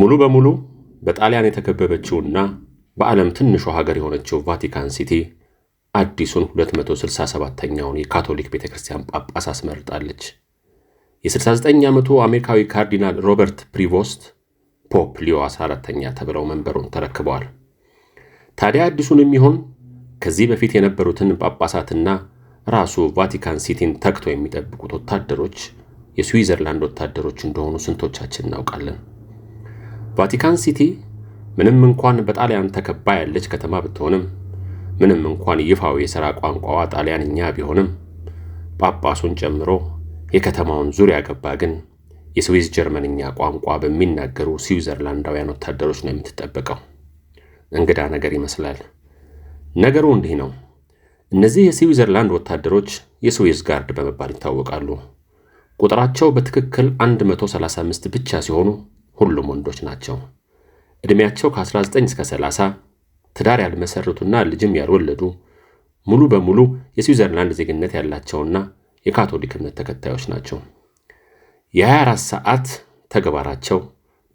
ሙሉ በሙሉ በጣሊያን የተከበበችውና በዓለም ትንሿ ሀገር የሆነችው ቫቲካን ሲቲ አዲሱን 267ኛውን የካቶሊክ ቤተ ክርስቲያን ጳጳስ አስመርጣለች። የ69 ዓመቱ አሜሪካዊ ካርዲናል ሮበርት ፕሪቮስት ፖፕ ሊዮ 14ኛ ተብለው መንበሩን ተረክበዋል። ታዲያ አዲሱን የሚሆን ከዚህ በፊት የነበሩትን ጳጳሳትና ራሱ ቫቲካን ሲቲን ተግተው የሚጠብቁት ወታደሮች የስዊዘርላንድ ወታደሮች እንደሆኑ ስንቶቻችን እናውቃለን? ቫቲካን ሲቲ ምንም እንኳን በጣሊያን ተከባ ያለች ከተማ ብትሆንም ምንም እንኳን ይፋው የሥራ ቋንቋዋ ጣሊያንኛ ቢሆንም ጳጳሱን ጨምሮ የከተማውን ዙሪያ ገባ ግን የስዊዝ ጀርመንኛ ቋንቋ በሚናገሩ ስዊዘርላንዳውያን ወታደሮች ነው የምትጠበቀው። እንግዳ ነገር ይመስላል። ነገሩ እንዲህ ነው። እነዚህ የስዊዘርላንድ ወታደሮች የስዊዝ ጋርድ በመባል ይታወቃሉ። ቁጥራቸው በትክክል 135 ብቻ ሲሆኑ ሁሉም ወንዶች ናቸው። ዕድሜያቸው ከ19 እስከ 30፣ ትዳር ያልመሰረቱና ልጅም ያልወለዱ ሙሉ በሙሉ የስዊዘርላንድ ዜግነት ያላቸውና የካቶሊክ እምነት ተከታዮች ናቸው። የ24 ሰዓት ተግባራቸው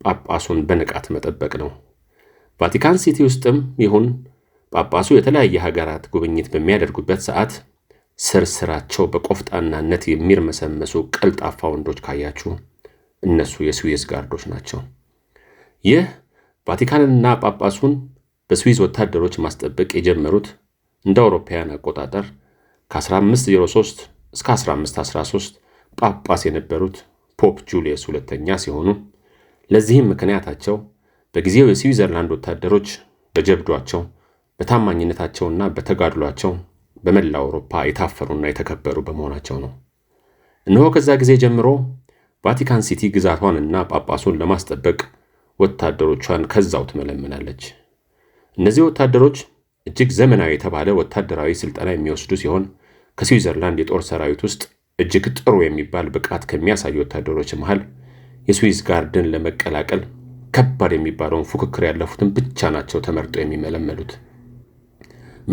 ጳጳሱን በንቃት መጠበቅ ነው። ቫቲካን ሲቲ ውስጥም ይሁን ጳጳሱ የተለያየ ሀገራት ጉብኝት በሚያደርጉበት ሰዓት ስርስራቸው በቆፍጣናነት የሚርመሰመሱ ቀልጣፋ ወንዶች ካያችሁ እነሱ የስዊዝ ጋርዶች ናቸው። ይህ ቫቲካንንና ጳጳሱን በስዊዝ ወታደሮች ማስጠበቅ የጀመሩት እንደ አውሮፓውያን አቆጣጠር ከ1503 እስከ 1513 ጳጳስ የነበሩት ፖፕ ጁልየስ ሁለተኛ ሲሆኑ ለዚህም ምክንያታቸው በጊዜው የስዊዘርላንድ ወታደሮች በጀብዷቸው በታማኝነታቸውና በተጋድሏቸው በመላ አውሮፓ የታፈሩና የተከበሩ በመሆናቸው ነው። እነሆ ከዛ ጊዜ ጀምሮ ቫቲካን ሲቲ ግዛቷንና ጳጳሱን ለማስጠበቅ ወታደሮቿን ከዛው ትመለምናለች። እነዚህ ወታደሮች እጅግ ዘመናዊ የተባለ ወታደራዊ ስልጠና የሚወስዱ ሲሆን ከስዊዘርላንድ የጦር ሰራዊት ውስጥ እጅግ ጥሩ የሚባል ብቃት ከሚያሳዩ ወታደሮች መሃል የስዊዝ ጋርድን ለመቀላቀል ከባድ የሚባለውን ፉክክር ያለፉትን ብቻ ናቸው ተመርጦ የሚመለመሉት።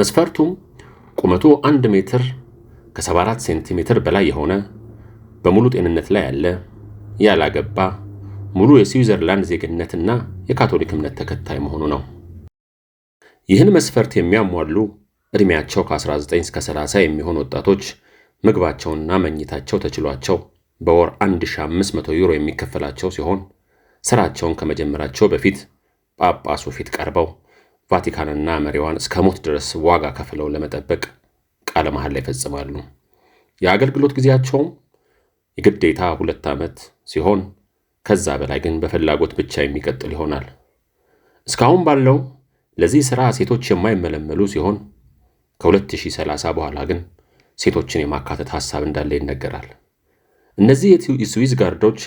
መስፈርቱም ቁመቱ 1 ሜትር ከ74 ሴንቲሜትር በላይ የሆነ በሙሉ ጤንነት ላይ ያለ ያላገባ ሙሉ የስዊዘርላንድ ዜግነትና የካቶሊክ እምነት ተከታይ መሆኑ ነው። ይህን መስፈርት የሚያሟሉ ዕድሜያቸው ከ19 እስከ 30 የሚሆኑ ወጣቶች ምግባቸውና መኝታቸው ተችሏቸው በወር 1500 ዩሮ የሚከፈላቸው ሲሆን ሥራቸውን ከመጀመራቸው በፊት ጳጳሱ ፊት ቀርበው ቫቲካንና መሪዋን እስከ ሞት ድረስ ዋጋ ከፍለው ለመጠበቅ ቃለ መሐላ ይፈጽማሉ። የአገልግሎት ጊዜያቸውም የግዴታ ሁለት ዓመት ሲሆን ከዛ በላይ ግን በፍላጎት ብቻ የሚቀጥል ይሆናል። እስካሁን ባለው ለዚህ ሥራ ሴቶች የማይመለመሉ ሲሆን ከ2030 በኋላ ግን ሴቶችን የማካተት ሐሳብ እንዳለ ይነገራል። እነዚህ የስዊዝ ጋርዶች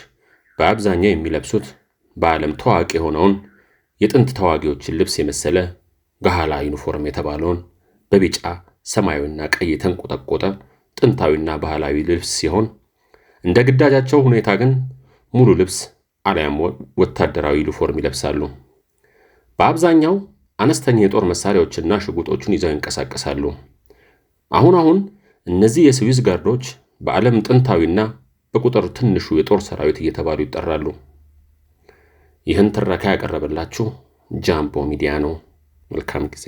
በአብዛኛው የሚለብሱት በዓለም ታዋቂ የሆነውን የጥንት ተዋጊዎችን ልብስ የመሰለ ጋህላ ዩኒፎርም የተባለውን በቢጫ ሰማያዊና ቀይ የተንቆጠቆጠ ጥንታዊና ባህላዊ ልብስ ሲሆን እንደ ግዳጃቸው ሁኔታ ግን ሙሉ ልብስ አሊያም ወታደራዊ ዩኒፎርም ይለብሳሉ። በአብዛኛው አነስተኛ የጦር መሳሪያዎችና ሽጉጦቹን ይዘው ይንቀሳቀሳሉ። አሁን አሁን እነዚህ የስዊዝ ጋርዶች በዓለም ጥንታዊና በቁጥር ትንሹ የጦር ሰራዊት እየተባሉ ይጠራሉ። ይህን ትረካ ያቀረበላችሁ ጃምቦ ሚዲያ ነው። መልካም ጊዜ